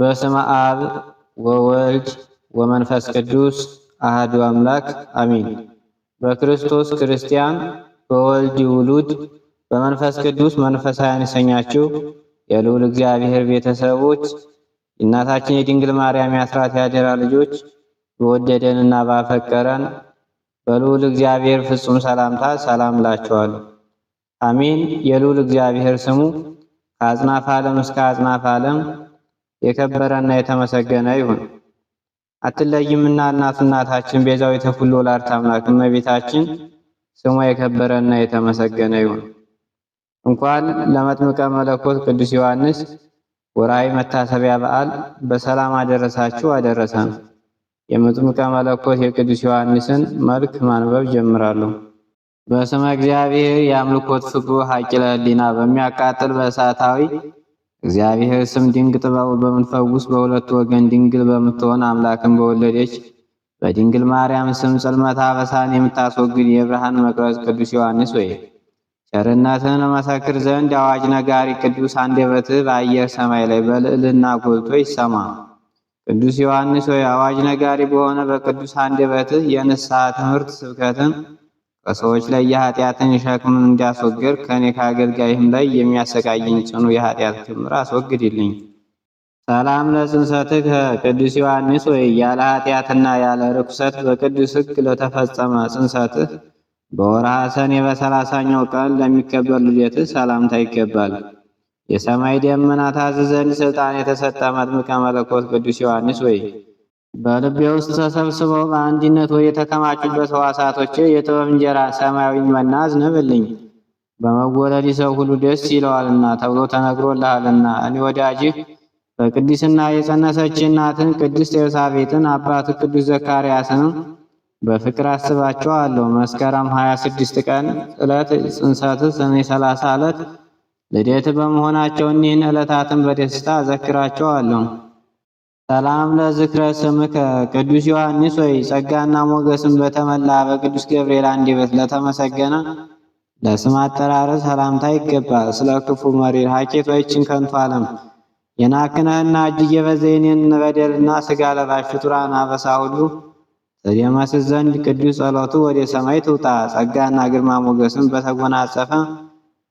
በስመ አብ ወወልድ ወመንፈስ ቅዱስ አህዱ አምላክ አሚን በክርስቶስ ክርስቲያን በወልድ ውሉድ በመንፈስ ቅዱስ መንፈሳውያን ይሰኛችሁ የልዑል እግዚአብሔር ቤተሰቦች የእናታችን የድንግል ማርያም የአስራት ያደራ ልጆች በወደደን እና ባፈቀረን በልዑል እግዚአብሔር ፍጹም ሰላምታ ሰላም እላችኋለሁ። አሚን የልዑል እግዚአብሔር ስሙ ከአጽናፈ ዓለም እስከ አጽናፈ ዓለም የከበረና የተመሰገነ ይሁን። አትለይምና እናት እናታችን ቤዛዊተ ኩሉ ወላዲተ አምላክ እመቤታችን ስሟ የከበረና የተመሰገነ ይሁን። እንኳን ለመጥምቀ መለኮት ቅዱስ ዮሐንስ ወርሃዊ መታሰቢያ በዓል በሰላም አደረሳችሁ አደረሰን። የመጥምቀ መለኮት የቅዱስ ዮሐንስን መልክ ማንበብ ጀምራለሁ። በስመ እግዚአብሔር የአምልኮት ፍቅሩ ሀቂለ ህሊና በሚያቃጥል በእሳታዊ እግዚአብሔር ስም ድንግ ጥበብ በምትፈውስ በሁለቱ ወገን ድንግል በምትሆን አምላክን በወለደች በድንግል ማርያም ስም ጽልመታ በሳን የምታስወግድ የብርሃን መቅረዝ ቅዱስ ዮሐንስ ወይ ቸርነትን መሰክር ዘንድ አዋጅ ነጋሪ ቅዱስ አንደበትህ በአየር ሰማይ ላይ በልዕልና ጎልቶ ይሰማ። ቅዱስ ዮሐንስ ወይ አዋጅ ነጋሪ በሆነ በቅዱስ አንደበትህ የንስሐ ትምህርት ስብከትን በሰዎች ላይ የኃጢአትን ሸክም እንዲያስወግድ ከእኔ ከአገልጋይህም ላይ የሚያሰቃየኝ ጽኑ የኃጢአት ክምር አስወግድልኝ። ሰላም ለጽንሰትህ ቅዱስ ዮሐንስ ወይ ያለ ኃጢአትና ያለ ርኩሰት በቅዱስ ሕግ ለተፈጸመ ጽንሰትህ በወርሃ ሰኔ በሰላሳኛው ቀን ለሚከበር ልደትህ ሰላምታ ይገባል። የሰማይ ደመና ታዝዘን ስልጣን የተሰጠ መጥምቀ መለኮት ቅዱስ ዮሐንስ ወይ በልቤ ውስጥ ተሰብስበው በአንድነት ወደ የተከማቹበት ህዋሳቶች የጥበብ እንጀራ ሰማያዊ መና አዝንብልኝ በመወለድ ሰው ሁሉ ደስ ይለዋልና ተብሎ ተነግሮልሃልና። እኔ ወዳጅህ በቅድስና የጸነሰች እናትን ቅድስት ኤልሳቤጥን አባት ቅዱስ ዘካርያስንም በፍቅር አስባቸዋለሁ። መስከረም 26 ቀን ዕለት ጽንሰት፣ ሰኔ 30 ዕለት ልደት በመሆናቸው እኒህን ዕለታትን በደስታ አዘክራቸዋለሁ። ሰላም ለዝክረ ስምከ ቅዱስ ዮሐንስ ሆይ ጸጋና ሞገስን በተመላ በቅዱስ ገብርኤል አንደበት ለተመሰገነ ለስም አጠራርህ ሰላምታ ይገባል። ስለ ክፉ መሪር ሀኬት ወይችን ከንቱ ዓለም የናክነህና እጅግ የበዘ የኔን በደልና ስጋ ለባሽ ፍጡራን አበሳ ሁሉ ትደመስስ ዘንድ ቅዱስ ጸሎቱ ወደ ሰማይ ትውጣ። ጸጋና ግርማ ሞገስን በተጎናጸፈ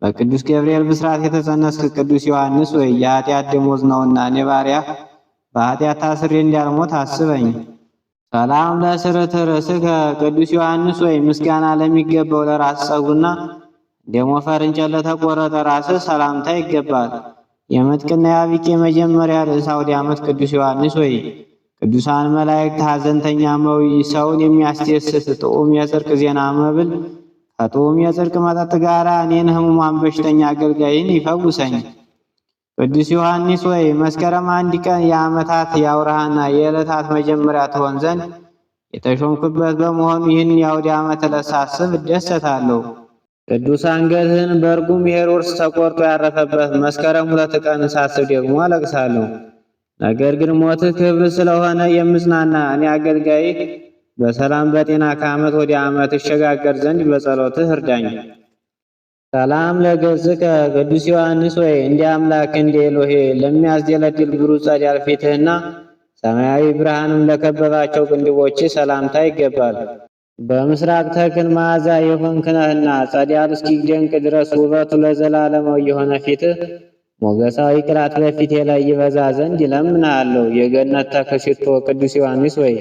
በቅዱስ ገብርኤል ብስራት የተጸነስክ ቅዱስ ዮሐንስ ወይ የኃጢአት ደሞዝ ነውና እኔ ባሪያህ በኃጢአት ታስሬ እንዳልሞት አስበኝ። ሰላም ለስርት ርእስከ ቅዱስ ዮሐንስ ወይ ምስጋና ለሚገባው ለራስ ጸጉና ደሞ ፈርንጨ ለተቆረጠ ራስ ሰላምታ ይገባል። የመጥቅና የአብቄ መጀመሪያ ርዕሰ አውደ ዓመት ቅዱስ ዮሐንስ ወይ ቅዱሳን መላእክት ሐዘንተኛ መዊ ሰውን የሚያስደስት ጥዑም የጽርቅ ዜና መብል ከጥዑም የጽርቅ መጠጥ ጋር እኔን ህሙማን በሽተኛ አገልጋይን ይፈውሰኝ። ቅዱስ ዮሐንስ ወይ መስከረም አንድ ቀን የዓመታት የአውርሃና የዕለታት መጀመሪያ ትሆን ዘንድ የተሾምክበት በመሆኑ ይህን የአውድ ዓመት ዕለት ሳስብ እደሰታለሁ። ቅዱስ አንገትህን በእርጉም ሄሮድስ ተቆርጦ ያረፈበት መስከረም ሁለት ቀን ሳስብ ደግሞ አለቅሳለሁ። ነገር ግን ሞትህ ክብር ስለሆነ የምጽናና እኔ አገልጋይህ በሰላም በጤና ከዓመት ወደ ዓመት እሸጋገር ዘንድ በጸሎትህ እርዳኝ። ሰላም ለገጽከ ቅዱስ ዮሐንስ ወይ እንደ አምላክ እንደ ኤሎሄ ለሚያስደለድል ብሩህ ጸዳል ፊትህና ሰማያዊ ብርሃንም ለከበባቸው ቅንድቦች ሰላምታ ይገባል። በምስራቅ ተክል መዓዛ የሆንክ ነህና ጸዳል እስኪደንቅ ድረስ ውበቱ ለዘላለመው የሆነ ፊትህ ሞገሳዊ ቅላት በፊቴ ላይ ይበዛ ዘንድ ይለምናለሁ። የገነት ተክል ሽቶ ቅዱስ ዮሐንስ ወይ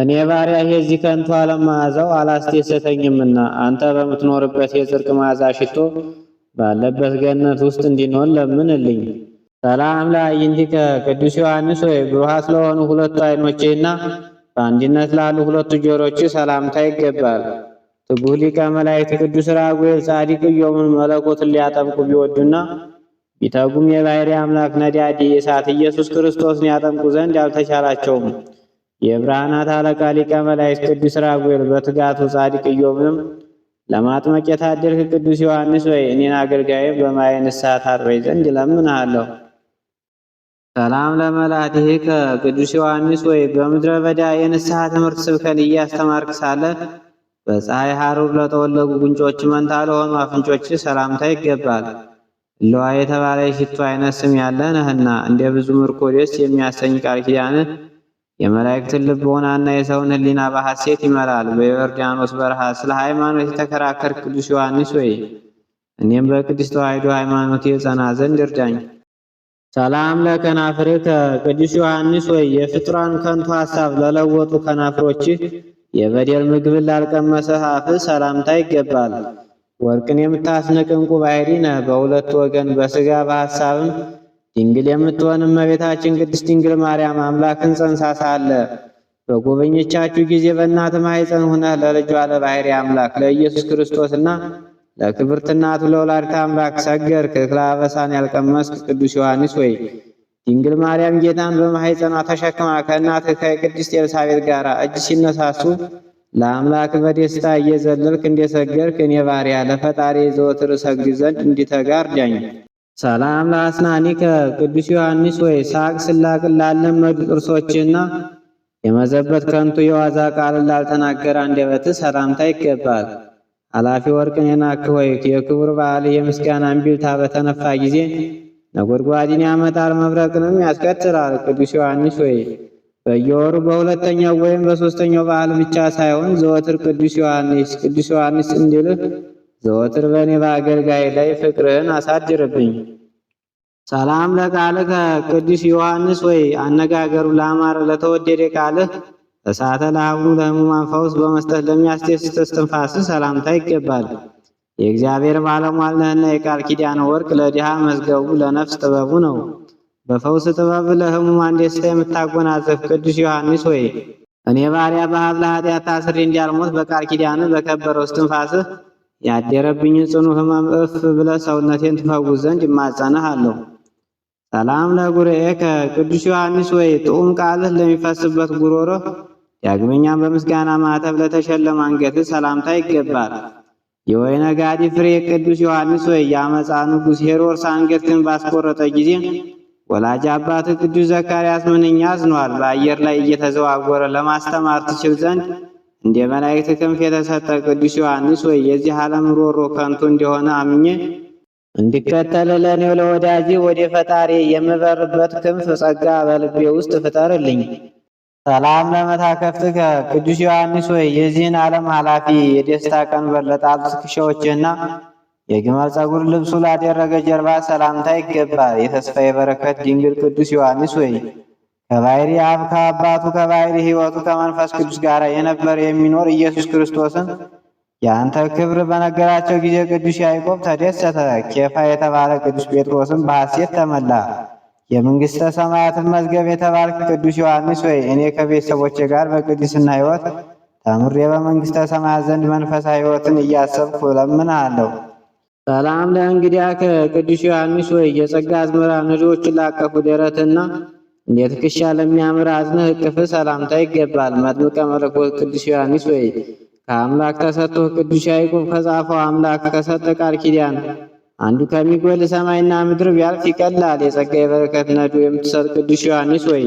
እኔ ባሪያህ የዚህ ከንቱ ዓለም መዓዛው አላስደሰተኝምና አንተ በምትኖርበት የጽርቅ መዓዛ ሽቶ ባለበት ገነት ውስጥ እንዲኖር ለምንልኝ። ሰላም ለአዕይንቲከ ቅዱስ ዮሐንስ ወይ ብሩሃት ለሆኑ ሁለቱ ዓይኖችህና በአንድነት ላሉ ሁለቱ ጆሮች ሰላምታ ይገባል። ትጉህ ሊቀ መላእክት ቅዱስ ራጉኤል ጻዲቅ ኢዮምን መለኮትን ሊያጠምቁ ቢወዱና ቢተጉም የባሕርይ አምላክ ነዳዲ እሳት ኢየሱስ ክርስቶስን ያጠምቁ ዘንድ አልተቻላቸውም። የብርሃናት አለቃ ሊቀ መላእክት ቅዱስ ራጉኤል በትጋቱ ጻድቅ ኢዮብንም ለማጥመቅ የታደልክ ቅዱስ ዮሐንስ ወይ እኔን አገልጋይም በማየ ንስሐ ታጥበኝ ዘንድ እለምንሃለሁ። ሰላም ለመላእክት ቅዱስ ዮሐንስ ወይ በምድረ በዳ የንስሐ ትምህርት ስብከን እያስተማርክ ሳለ በፀሐይ ሐሩር ለተወለጉ ጉንጮች መንታ ለሆኑ አፍንጮች ሰላምታ ይገባል። ለዋ የተባለ የሽቱ አይነት ስም ያለ ነህና እንደ ብዙ ምርኮ ደስ የሚያሰኝ ቃል ኪዳን የመላእክትን ልቦናና የሰውን ሕሊና በሐሴት ይመራል። በዮርዳኖስ በረሃ ስለ ሃይማኖት የተከራከር ቅዱስ ዮሐንስ ወይ እኔም በቅድስት ተዋሕዶ ሃይማኖት የጸና ዘንድ እርዳኝ። ሰላም ለከናፍርከ ቅዱስ ዮሐንስ ወይ የፍጥሯን ከንቱ ሐሳብ ለለወጡ ከናፍሮች የበደል ምግብን ላልቀመሰ አፍ ሰላምታ ይገባል። ወርቅን የምታስንቅ እንቁ ባህሪ ነህ። በሁለቱ ወገን በሥጋ በሐሳብም ድንግል የምትሆን እመቤታችን ቅድስት ድንግል ማርያም አምላክን ጸንሳ ሳለ በጎበኘቻችሁ ጊዜ በእናት ማኅፀን ሆነህ ለልጇ ለባህሪ አምላክ ለኢየሱስ ክርስቶስና ለክብርት እናቱ ለወላዲተ አምላክ ሰገድክ። ክላበሳን ያልቀመስክ ቅዱስ ዮሐንስ ወይ ድንግል ማርያም ጌታን በማኅፀኗ ተሸክማ ከእናትህ ከቅድስት ኤልሳቤጥ ጋር እጅ ሲነሳሱ ለአምላክ በደስታ እየዘለልክ እንደሰገርክ እኔ ባሪያ ለፈጣሪ ዘወትር እሰግድ ዘንድ እንዲተጋር ዳኝ ሰላም ለአስናኒከ ቅዱስ ዮሐንስ ወይ ሳቅ ስላቅን ላለመዱ ጥርሶችና የመዘበት ከንቱ የዋዛ ቃል ላልተናገረ አንደበት ሰላምታ ይገባል። ኃላፊ ወርቅን የናክ ወይ የክቡር በዓል የምስጋና እምቢልታ በተነፋ ጊዜ ነጎድጓዲን ያመጣል፣ መብረቅንም ያስከትላል። ቅዱስ ዮሐንስ ወይ በየወሩ በሁለተኛው ወይም በሶስተኛው በዓል ብቻ ሳይሆን ዘወትር ቅዱስ ዮሐንስ ቅዱስ ዮሐንስ እንዲልህ ዘወትር በእኔ በአገልጋይ ላይ ፍቅርህን አሳድርብኝ። ሰላም ለቃልህ ቅዱስ ዮሐንስ ወይ አነጋገሩ ለአማረ ለተወደደ ቃልህ እሳተ ለአቡ ለሕሙማን ፈውስ በመስጠት ለሚያስደስት እስትንፋስ ሰላምታ ይገባል። የእግዚአብሔር ባለሟል ነህና የቃል ኪዳን ወርቅ ለድሃ መዝገቡ ለነፍስ ጥበቡ ነው። በፈውስ ጥበብ ለሕሙማን ደስታ የምታጎናዘፍ ቅዱስ ዮሐንስ ወይ እኔ ባሪያ በሀብለ ኃጢአት ታስሬ እንዲያልሞት በቃል ኪዳን በከበረው እስትንፋስህ ያደረብኝ ጽኑ ሕማም እፍ ብለ ሰውነቴን ትፈውስ ዘንድ እማጸንህ አለው። ሰላም ለጉርኤከ ቅዱስ ዮሐንስ ወይ ጥዑም ቃልህ ለሚፈስበት ጉሮሮ ዳግመኛም በምስጋና ማተብ ለተሸለመ አንገትህ ሰላምታ ይገባል። የወይነ ጋዲ ፍሬ ቅዱስ ዮሐንስ ወይ የአመፃ ንጉሥ ሄሮድስ አንገትህን ባስቆረጠ ጊዜ ወላጅ አባት ቅዱስ ዘካርያስ ምንኛ አዝኗል። በአየር ላይ እየተዘዋወረ ለማስተማር ትችል ዘንድ እንደ መላእክት ክንፍ የተሰጠ ቅዱስ ዮሐንስ ወይ የዚህ ዓለም ሮሮ ከንቱ እንደሆነ አምኜ እንዲከተል ለእኔው ለወዳጄ ወደ ፈጣሪ የምበርበት ክንፍ ጸጋ በልቤ ውስጥ ፍጠርልኝ። ሰላም ለመታከፍትከ ቅዱስ ዮሐንስ ወይ የዚህን ዓለም ኃላፊ የደስታ ቀንበር ለጣሉ ትከሻዎችና የግመል ጸጉር ልብሱ ላደረገ ጀርባ ሰላምታ ይገባል። የተስፋ የበረከት ድንግል ቅዱስ ዮሐንስ ወይ ከባይሪ አብ ከአባቱ ከባይሪ ሕይወቱ ከመንፈስ ቅዱስ ጋር የነበረ የሚኖር ኢየሱስ ክርስቶስን የአንተ ክብር በነገራቸው ጊዜ ቅዱስ ያዕቆብ ተደሰተ። ኬፋ የተባለ ቅዱስ ጴጥሮስም በሐሴት ተመላ። የመንግሥተ ሰማያትን መዝገብ የተባልክ ቅዱስ ዮሐንስ ወይ እኔ ከቤተሰቦቼ ጋር በቅድስና ሕይወት ተምሬ በመንግሥተ ሰማያት ዘንድ መንፈሳዊ ሕይወትን እያሰብኩ እለምንሃለሁ። ሰላም ለእንግዲያ ከቅዱስ ዮሐንስ ወይ የጸጋ አዝመራ ንዶዎችን ላቀፉ ደረትና ትከሻ ለሚያምር አዝነህ እቅፍ ሰላምታ ይገባል። መጥምቀ መለኮት ቅዱስ ዮሐንስ ወይ ከአምላክ ተሰጥቶህ ቅዱስ ያዕቆብ ከጻፈው አምላክ ከሰጠ ቃል ኪዳን አንዱ ከሚጎል ሰማይና ምድር ቢያልፍ ይቀላል። የጸጋ የበረከት ነዱ የምትሰጥ ቅዱስ ዮሐንስ ወይ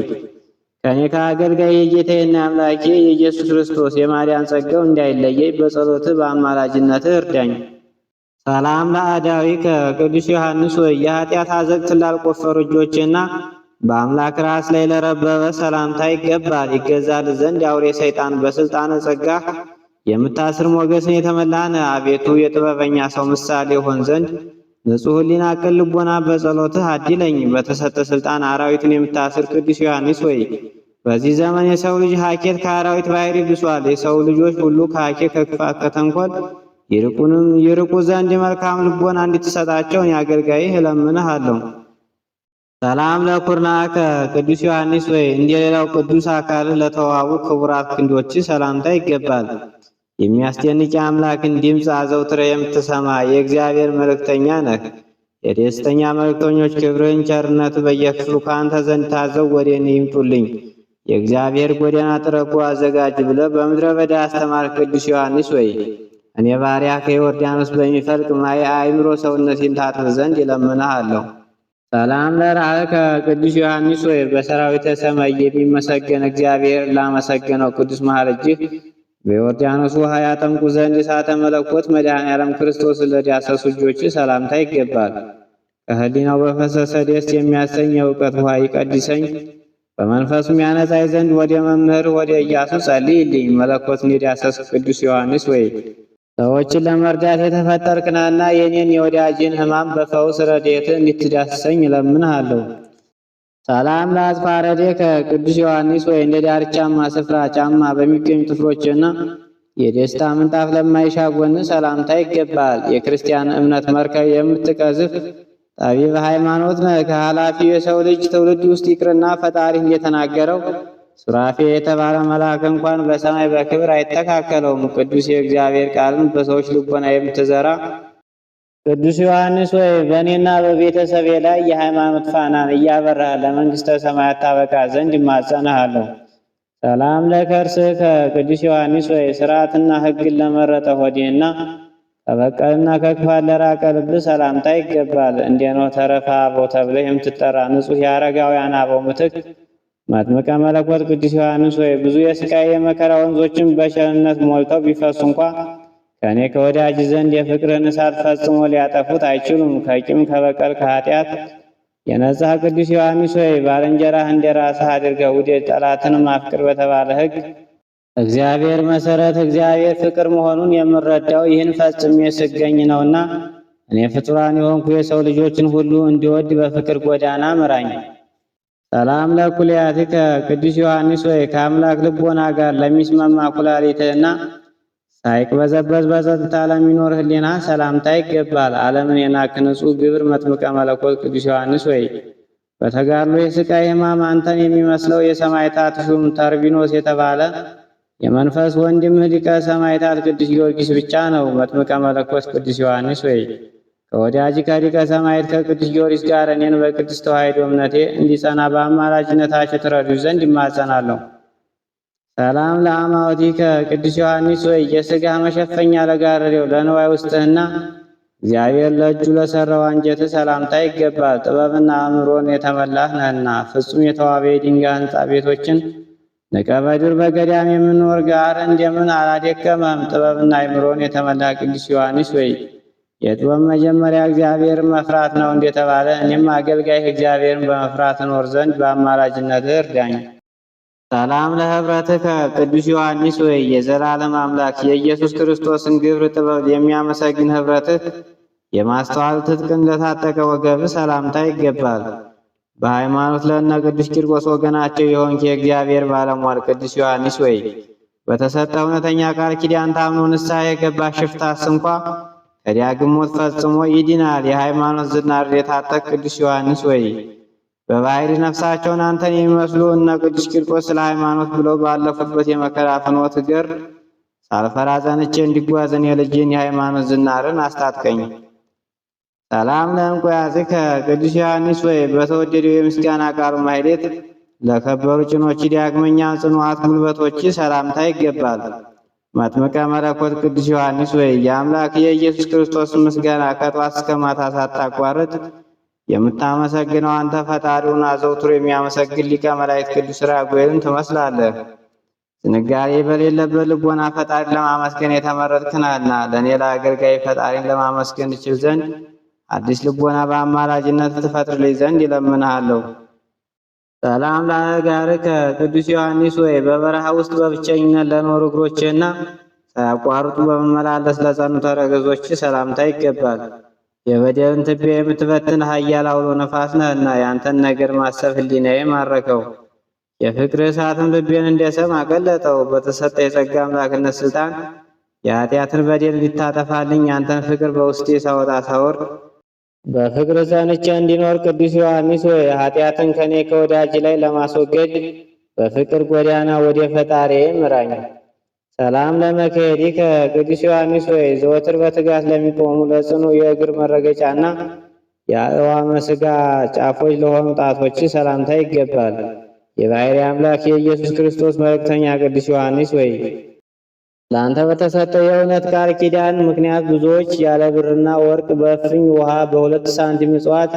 ከእኔ ከአገልጋይ የጌታዬና አምላኬ የኢየሱስ ክርስቶስ የማርያም ጸጋው እንዳይለየኝ በጸሎትህ በአማላጅነትህ እርዳኝ። ሰላም ለአዳዊ ከቅዱስ ዮሐንስ ወይ የኃጢአት አዘቅት ላልቆፈሩ እጆችና በአምላክ ራስ ላይ ለረበበ ሰላምታ ይገባል። ይገዛል ዘንድ አውሬ ሰይጣን በስልጣነ ጸጋ የምታስር ሞገስን የተመላነ አቤቱ የጥበበኛ ሰው ምሳሌ የሆን ዘንድ ንጹሕ ሊና ቅን ልቦና በጸሎትህ አድለኝ። በተሰጠ ስልጣን አራዊትን የምታስር ቅዱስ ዮሐንስ ወይ በዚህ ዘመን የሰው ልጅ ሀኬት ከአራዊት ባህሪ ብሷል። የሰው ልጆች ሁሉ ከሀኬት ከክፋት፣ ከተንኮል ይርቁንም ይርቁ ዘንድ መልካም ልቦና እንድትሰጣቸውን ያገልጋይህ እለምንህ አለው። ሰላም ለኩርናከ ቅዱስ ዮሐንስ ወይ እንደሌላው ቅዱስ አካል ለተዋቡ ክቡራት ክንዶች ሰላምታ ይገባል። የሚያስደንቅ አምላክን ድምፅ አዘውትረ የምትሰማ የእግዚአብሔር መልእክተኛ ነህ። የደስተኛ መልእክተኞች ክብርን ቸርነት በየክፍሉ ከአንተ ዘንድ ታዘው ወደ እኔ ይምጡልኝ፣ የእግዚአብሔር ጎዳና ጥረጉ አዘጋጅ ብለ በምድረ በዳ አስተማር ቅዱስ ዮሐንስ ወይ እኔ ባሪያ ከዮርዳኖስ በሚፈልቅ ማየ አእምሮ ሰውነቴን ታጥብ ዘንድ እለምንሃለሁ። ሰላም ለርአከ ቅዱስ ዮሐንስ ወይ በሰራዊተ ሰማይ የሚመሰገን እግዚአብሔር ላመሰገነው ቅዱስ መሃል እጅህ በዮርዳኖስ ውሃ ያጠምቁ ዘንድ እሳተ መለኮት መድኃኔ ዓለም ክርስቶስ ለዳሰሱ እጆች ሰላምታ ይገባል። ከህሊናው በፈሰሰ ደስ የሚያሰኝ የእውቀት ውሃ ይቀድሰኝ፣ በመንፈሱም ያነጻይ ዘንድ ወደ መምህር ወደ ኢያሱ ጸልይልኝ። መለኮትን የዳሰስ ቅዱስ ዮሐንስ ወይ ሰዎችን ለመርዳት የተፈጠርክ ነህና የኔን የወዳጅን ህማም በፈውስ ረዴት እንድትዳስሰኝ እለምንሃለሁ። ሰላም ለአጽፋ ረዴ ከቅዱስ ዮሐንስ ወይ እንደ ዳር ጫማ ስፍራ ጫማ በሚገኙ ጥፍሮችና የደስታ ምንጣፍ ለማይሻ ጎን ሰላምታ ይገባል። የክርስቲያን እምነት መርከብ የምትቀዝፍ ጠቢብ ሃይማኖት ነህ። ከኃላፊው የሰው ልጅ ትውልድ ውስጥ ይቅርና ፈጣሪ እንደተናገረው ሱራፌ የተባለ መልአክ እንኳን በሰማይ በክብር አይተካከለውም። ቅዱስ የእግዚአብሔር ቃልን በሰዎች ልቦና የምትዘራ ቅዱስ ዮሐንስ ወይ በእኔና በቤተሰቤ ላይ የሃይማኖት ፋናን እያበራ ለመንግሥተ ሰማያት ታበቃ ዘንድ ይማጸንሃለሁ። ሰላም ለከርስከ ቅዱስ ዮሐንስ ወይ ስርዓትና ሕግን ለመረጠ ሆዴና ከበቀልና ከክፋት ለራቀ ልብ ሰላምታ ይገባል። እንዴኖ ተረፈ አበው ተብለህ የምትጠራ ንጹሕ የአረጋውያን አበው ምትክ መጥምቀ መለኮት ቅዱስ ዮሐንስ ሆይ ብዙ የስቃይ የመከራ ወንዞችን በቸርነት ሞልተው ቢፈሱ እንኳ ከእኔ ከወዳጅ ዘንድ የፍቅርን እሳት ፈጽሞ ሊያጠፉት አይችሉም። ከቂም ከበቀል፣ ከኃጢአት የነጻ ቅዱስ ዮሐንስ ሆይ ባልንጀራህ እንደ ራስህ አድርገህ ውደድ፣ ጠላትንም አፍቅር በተባለ ሕግ እግዚአብሔር መሰረት እግዚአብሔር ፍቅር መሆኑን የምረዳው ይህን ፈጽሜ ስገኝ ነውና እኔ ፍጡራን የሆንኩ የሰው ልጆችን ሁሉ እንዲወድ በፍቅር ጎዳና ምራኝ። ሰላም ለኩልያቲከ ቅዱስ ዮሐንስ ወይ ከአምላክ ልቦና ጋር ለሚስማማ ኩላሊትህና ሳይቅበዘበዝ በጸጥታ ለሚኖር ህሊና ሰላምታ ይገባል። ዓለምን የናቅ ንጹሕ ግብር መጥምቀ መለኮት ቅዱስ ዮሐንስ ወይ በተጋድሎ የስቃይ ህማም አንተን የሚመስለው የሰማዕታት ሹም ተርቢኖስ የተባለ የመንፈስ ወንድምህ ሊቀ ሰማዕታት ቅዱስ ጊዮርጊስ ብቻ ነው። መጥምቀ መለኮት ቅዱስ ዮሐንስ ወይ። ከወዳጅ ከሊቀ ሰማዕት ከቅዱስ ጊዮርጊስ ጋር እኔን በቅድስት ተዋሕዶ እምነቴ እንዲጸና በአማላጅነታቸው ትረዱኝ ዘንድ ይማጸናለሁ። ሰላም ለአማውቲ ከቅዱስ ዮሐንስ ወይ የሥጋ መሸፈኛ ለጋረደው ለንዋይ ውስጥህና እግዚአብሔር ለእጁ ለሰራው አንጀት ሰላምታ ይገባል። ጥበብና አእምሮን የተመላህ ነህና ፍጹም የተዋበ የድንጋይ ህንፃ ቤቶችን ንቀበዱር በገዳም የምኖር ጋር እንደምን አላደከመም? ጥበብና አእምሮን የተመላ ቅዱስ ዮሐንስ ወይ የጥበብ መጀመሪያ እግዚአብሔር መፍራት ነው እንደተባለ እኔም አገልጋይ እግዚአብሔርን በመፍራት እኖር ዘንድ በአማላጅነትህ እርዳኝ። ሰላም ለህብረትከ ቅዱስ ዮሐንስ ወይ የዘላለም አምላክ የኢየሱስ ክርስቶስን ግብር ጥበብ የሚያመሰግን ህብረትህ የማስተዋል ትጥቅ እንደታጠቀ ወገብ ሰላምታ ይገባል። በሃይማኖት ለእነ ቅዱስ ቂርቆስ ወገናቸው የሆንክ የእግዚአብሔር ባለሟል ቅዱስ ዮሐንስ ወይ በተሰጠ እውነተኛ ቃል ኪዳን ታምኖ ንስሐ የገባ ሽፍታስ እንኳ ከዳግም ሞት ፈጽሞ ይድናል። የሃይማኖት ዝናር የታጠቅ ቅዱስ ዮሐንስ ወይ በባህሪ ነፍሳቸውን አንተን የሚመስሉ እነ ቅዱስ ቂርቆስ ስለ ሃይማኖት ብለው ባለፉበት የመከራ ፍኖት እግር ሳልፈራ ጸንቼ እንዲጓዘን የልጅን የሃይማኖት ዝናርን አስታጥቀኝ። ሰላም ያዝ ቅዱስ ዮሐንስ ወይ በተወደደው የምስጋና ቃሉ ማይሌት ለከበሩ ጭኖች ዳግመኛ ጽኑዓት ጉልበቶች ሰላምታ ይገባል። መጥምቀ መለኮት ቅዱስ ዮሐንስ ወይ የአምላክ የኢየሱስ ክርስቶስ ምስጋና ከጧት እስከ ማታ ሳታቋርጥ የምታመሰግነው አንተ ፈጣሪውን አዘውትሮ የሚያመሰግን ሊቀ መላእክት ቅዱስ ራጉኤልን ትመስላለህ። ዝንጋሌ በሌለበት ልቦና ፈጣሪን ለማመስገን የተመረጥክናልና ለእኔ ለአገልጋይ ፈጣሪን ለማመስገን እችል ዘንድ አዲስ ልቦና በአማላጅነት ትፈጥርልኝ ዘንድ ይለምንሃለሁ። ሰላም ለአጋርከ ቅዱስ ዮሐንስ ወይ በበረሃ ውስጥ በብቸኝነት ለኖሩ እግሮችህና ሳያቋርጡ በመመላለስ ለጸኑ ተረገዞች ሰላምታ ይገባል። የበደልን ትቢያ የምትበትን ኃያል አውሎ ነፋስ ነህና ያንተን ነገር ማሰብ ህሊናዬ ማረከው። የፍቅር እሳትን ልቤን እንደሰም አቀለጠው። በተሰጠ የጸጋ አምላክነት ስልጣን የኃጢአትን በደል እንዲታጠፋልኝ ያንተን ፍቅር በውስጤ ሳወጣ ሳወርድ በፍቅር ጸንቼ እንዲኖር ቅዱስ ዮሐንስ ሆይ ኃጢአትን ከኔ ከወዳጅ ላይ ለማስወገድ በፍቅር ጎዳና ወደ ፈጣሪ ምራኝ። ሰላም ለመከሄዲከ ቅዱስ ዮሐንስ ሆይ ዘወትር በትጋት ለሚቆሙ ለጽኑ የእግር መረገጫና የአእዋ መስጋ ጫፎች ለሆኑ ጣቶች ሰላምታ ይገባል። የባሕርይ አምላክ የኢየሱስ ክርስቶስ መልእክተኛ ቅዱስ ዮሐንስ ወይ ለአንተ በተሰጠው የእውነት ቃል ኪዳን ምክንያት ብዙዎች ያለ ብርና ወርቅ በፍኝ ውሃ በሁለት ሳንቲም እጽዋት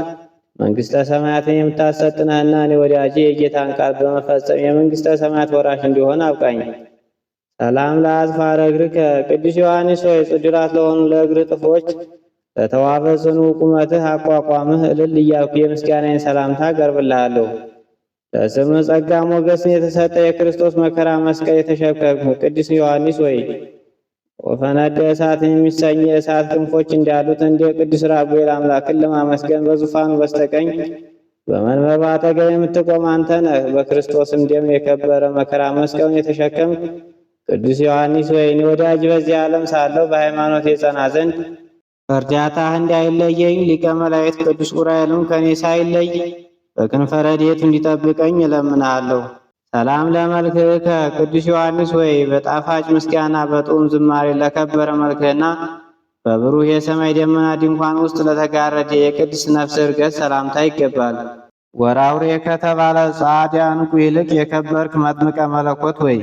መንግሥተ ሰማያትን የምታሰጥ እኔ ወዳጄ የጌታን ቃል በመፈጸም የመንግሥተ ሰማያት ወራሽ እንዲሆን አብቃኝ። ሰላም ለአጽፋረ እግርከ ቅዱስ ዮሐንስ ሆይ ጽድራት ለሆኑ ለእግር ጥፎች ለተዋፈ ጽኑ ቁመትህ አቋቋምህ እልል እያልኩ የምስጋናዬን ሰላምታ አቀርብልሃለሁ። ለስም ጸጋ ሞገስን የተሰጠ የክርስቶስ መከራ መስቀል የተሸከመ ቅዱስ ዮሐንስ ወይ ወፈነደ እሳት የሚሰኝ የእሳት ክንፎች እንዳሉት እንደ ቅዱስ ራጉኤል አምላክን ለማመስገን በዙፋኑ በስተቀኝ በመንበባ አጠገብ የምትቆም አንተ ነህ። በክርስቶስም ደም የከበረ መከራ መስቀሉን የተሸከመ ቅዱስ ዮሐንስ ወይኔ ወዳጅ በዚህ ዓለም ሳለው በሃይማኖት የጸና ዘንድ እርዳታህ እንዳይለየኝ ሊቀ መላእክት ቅዱስ ዑራኤልም ከኔ ሳይለይ በክንፈ ረድኤቱ እንዲጠብቀኝ እለምንሃለሁ። ሰላም ለመልክከ ቅዱስ ዮሐንስ ወይ በጣፋጭ ምስጋና በጥዑም ዝማሬ ለከበረ መልክህና በብሩህ የሰማይ ደመና ድንኳን ውስጥ ለተጋረደ የቅድስ ነፍስ እርገት ሰላምታ ይገባል። ወራውሬ ከተባለ ጻዲያ ንቁ ይልቅ የከበርክ መጥምቀ መለኮት ወይ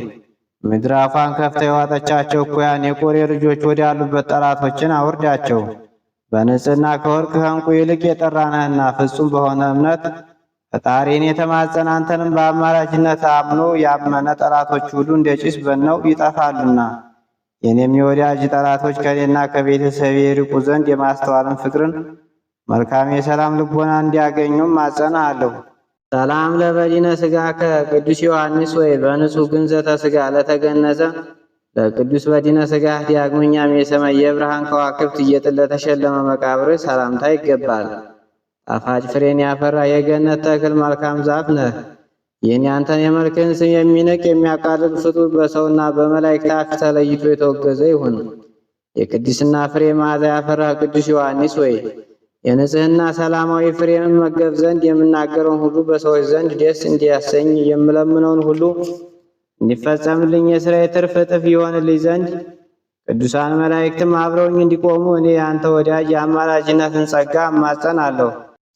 ምድር አፏን የዋጠቻቸው እኩያን የቆሬ ልጆች ወዳሉበት ጠላቶችን አውርዳቸው። በንጽህና ከወርቅ ከንቁ ይልቅ የጠራነህና ፍጹም በሆነ እምነት ፈጣሪን የተማጸነ አንተንም በአማራጅነት አምኖ ያመነ ጠላቶች ሁሉ እንደ ጭስ በነው ይጠፋሉና የኔም የወዳጅ ጠላቶች ከኔና ከቤተሰብ የርቁ ዘንድ የማስተዋልን ፍቅርን መልካም የሰላም ልቦና እንዲያገኙም ማጸና አለው። ሰላም ለበዲነ ስጋ ከቅዱስ ዮሐንስ ወይ በንጹሕ ግንዘተ ስጋ ለተገነዘ ለቅዱስ በዲነ ስጋ ዲያግሙኛም የሰማይ የብርሃን ከዋክብት እየጥል ለተሸለመ መቃብር ሰላምታ ይገባል። ጣፋጭ ፍሬን ያፈራ የገነት ተክል መልካም ዛፍ ነህ። ይህን ያንተን የመልክህን ስም የሚንቅ የሚያቃልል ፍጡር በሰውና በመላእክት አፍ ተለይቶ የተወገዘ ይሁን። የቅድስና ፍሬ መዓዛ ያፈራ ቅዱስ ዮሐንስ ወይ የንጽህና ሰላማዊ ፍሬ መገብ ዘንድ የምናገረውን ሁሉ በሰዎች ዘንድ ደስ እንዲያሰኝ የምለምነውን ሁሉ እንዲፈጸምልኝ የሥራ የትርፍ እጥፍ ይሆንልኝ ዘንድ ቅዱሳን መላእክትም አብረውኝ እንዲቆሙ እኔ የአንተ ወዳጅ የአማላጅነትን ጸጋ እማጸናለሁ።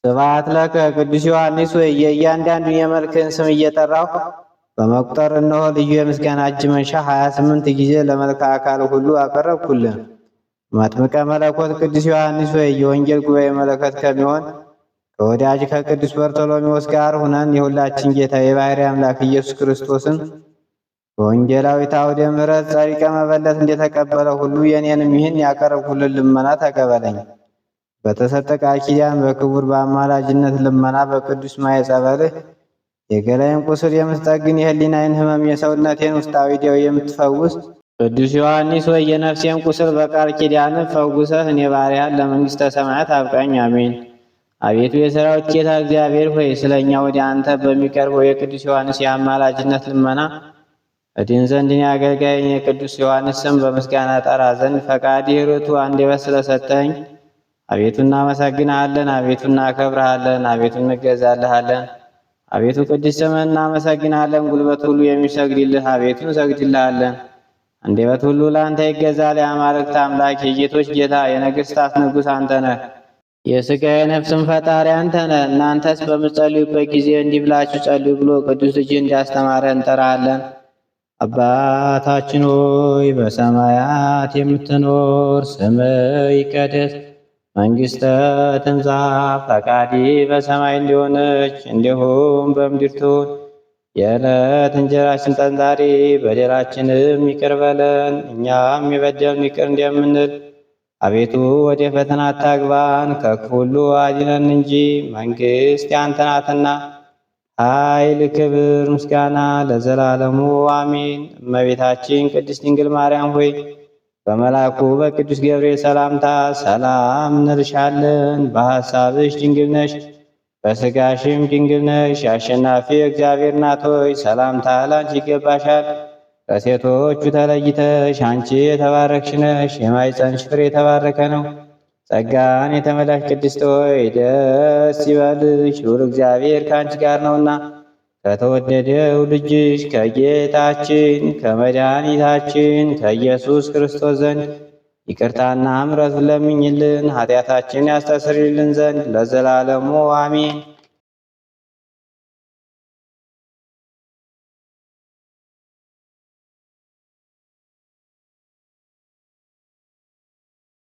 ስብሐት ለከ ቅዱስ ዮሐንስ ወይ የእያንዳንዱን የመልክህን ስም እየጠራሁ በመቁጠር እነሆ ልዩ የምስጋና እጅ መንሻ 28 ጊዜ ለመልክ አካል ሁሉ አቀረብኩልን። መጥምቀ መለኮት ቅዱስ ዮሐንስ ወይ የወንጌል ጉባኤ መለከት ከሚሆን ከወዳጅ ከቅዱስ በርቶሎሜዎስ ጋር ሁነን የሁላችን ጌታ የባህሪ አምላክ ኢየሱስ ክርስቶስን በወንጌላዊት አውደ ምሕረት ጸሪቀ መበለት እንደተቀበለ ሁሉ የኔንም ይህን ያቀረብኩልን ልመና ተቀበለኝ። በተሰጠ ቃል ኪዳን በክቡር በአማላጅነት ልመና በቅዱስ ማየ ጸበልህ የገላይን ቁስል የምትጠግን የህሊናይን ህመም የሰውነቴን ውስጣዊ ደዌ የምትፈውስ ቅዱስ ዮሐንስ ወይ የነፍሴን ቁስል በቃል ኪዳን ፈውሰህ እኔ ባሪያህን ለመንግሥተ ሰማያት አብቃኝ። አሜን። አቤቱ የሰራዊት ጌታ እግዚአብሔር ሆይ ስለ እኛ ወደ አንተ በሚቀርበው የቅዱስ ዮሐንስ የአማላጅነት ልመና እድን ዘንድ እኔ አገልጋይን የቅዱስ ዮሐንስ ስም በምስጋና ጠራ ዘንድ ፈቃድ የርቱ አንደበት ስለሰጠኝ አቤቱ እናመሰግንሃለን፣ አቤቱ እናከብርሃለን፣ አቤቱ እንገዛልሃለን። አቤቱ ቅዱስ ስምህን እናመሰግንሃለን። ጉልበት ሁሉ የሚሰግድልህ አቤቱ እንሰግድልሃለን። አንደበት ሁሉ ለአንተ ይገዛል። የአማልክት አምላክ የጌቶች ጌታ የነገስታት ንጉሥ አንተ ነህ። የስጋ የነፍስን ፈጣሪ አንተ ነህ። እናንተስ በምትጸልዩበት ጊዜ እንዲህ ብላችሁ ጸልዩ ብሎ ቅዱስ ልጅ እንዳስተማረ እንጠራሃለን። አባታችን ሆይ በሰማያት የምትኖር ስምህ ይቀደስ መንግስተ ትምጻእ ፈቃዲ በሰማይ እንዲሆነች እንዲሁም በምድር ትሁን። የዕለት እንጀራችን ስጠን ዛሬ፣ በደላችንም ይቅር በለን እኛም የበደሉንን ይቅር እንደምንል። አቤቱ ወደ ፈተና አታግባን፣ ከክፉ ሁሉ አድነን እንጂ መንግስት ያንተ ናትና ኃይል፣ ክብር፣ ምስጋና ለዘላለሙ አሜን። እመቤታችን ቅድስት ድንግል ማርያም ሆይ በመልአኩ በቅዱስ ገብርኤል ሰላምታ ሰላም እንልሻለን። በሐሳብሽ ድንግል ነሽ፣ በስጋሽም ድንግል ነሽ። አሸናፊ እግዚአብሔር እናት ሆይ ሰላምታ ላንቺ ይገባሻል። ከሴቶቹ ተለይተሽ አንቺ የተባረክሽ ነሽ፣ የማኅፀንሽ ፍሬ የተባረከ ነው። ጸጋን የተመላሽ ቅድስት ሆይ ደስ ይበልሽ፣ ልዑል እግዚአብሔር ከአንቺ ጋር ነውና ከተወደደው ልጅሽ ከጌታችን ከመድኃኒታችን ከኢየሱስ ክርስቶስ ዘንድ ይቅርታና ምሕረት ለምኝልን ኃጢአታችን ያስተሰርይልን ዘንድ ለዘላለሙ አሜን።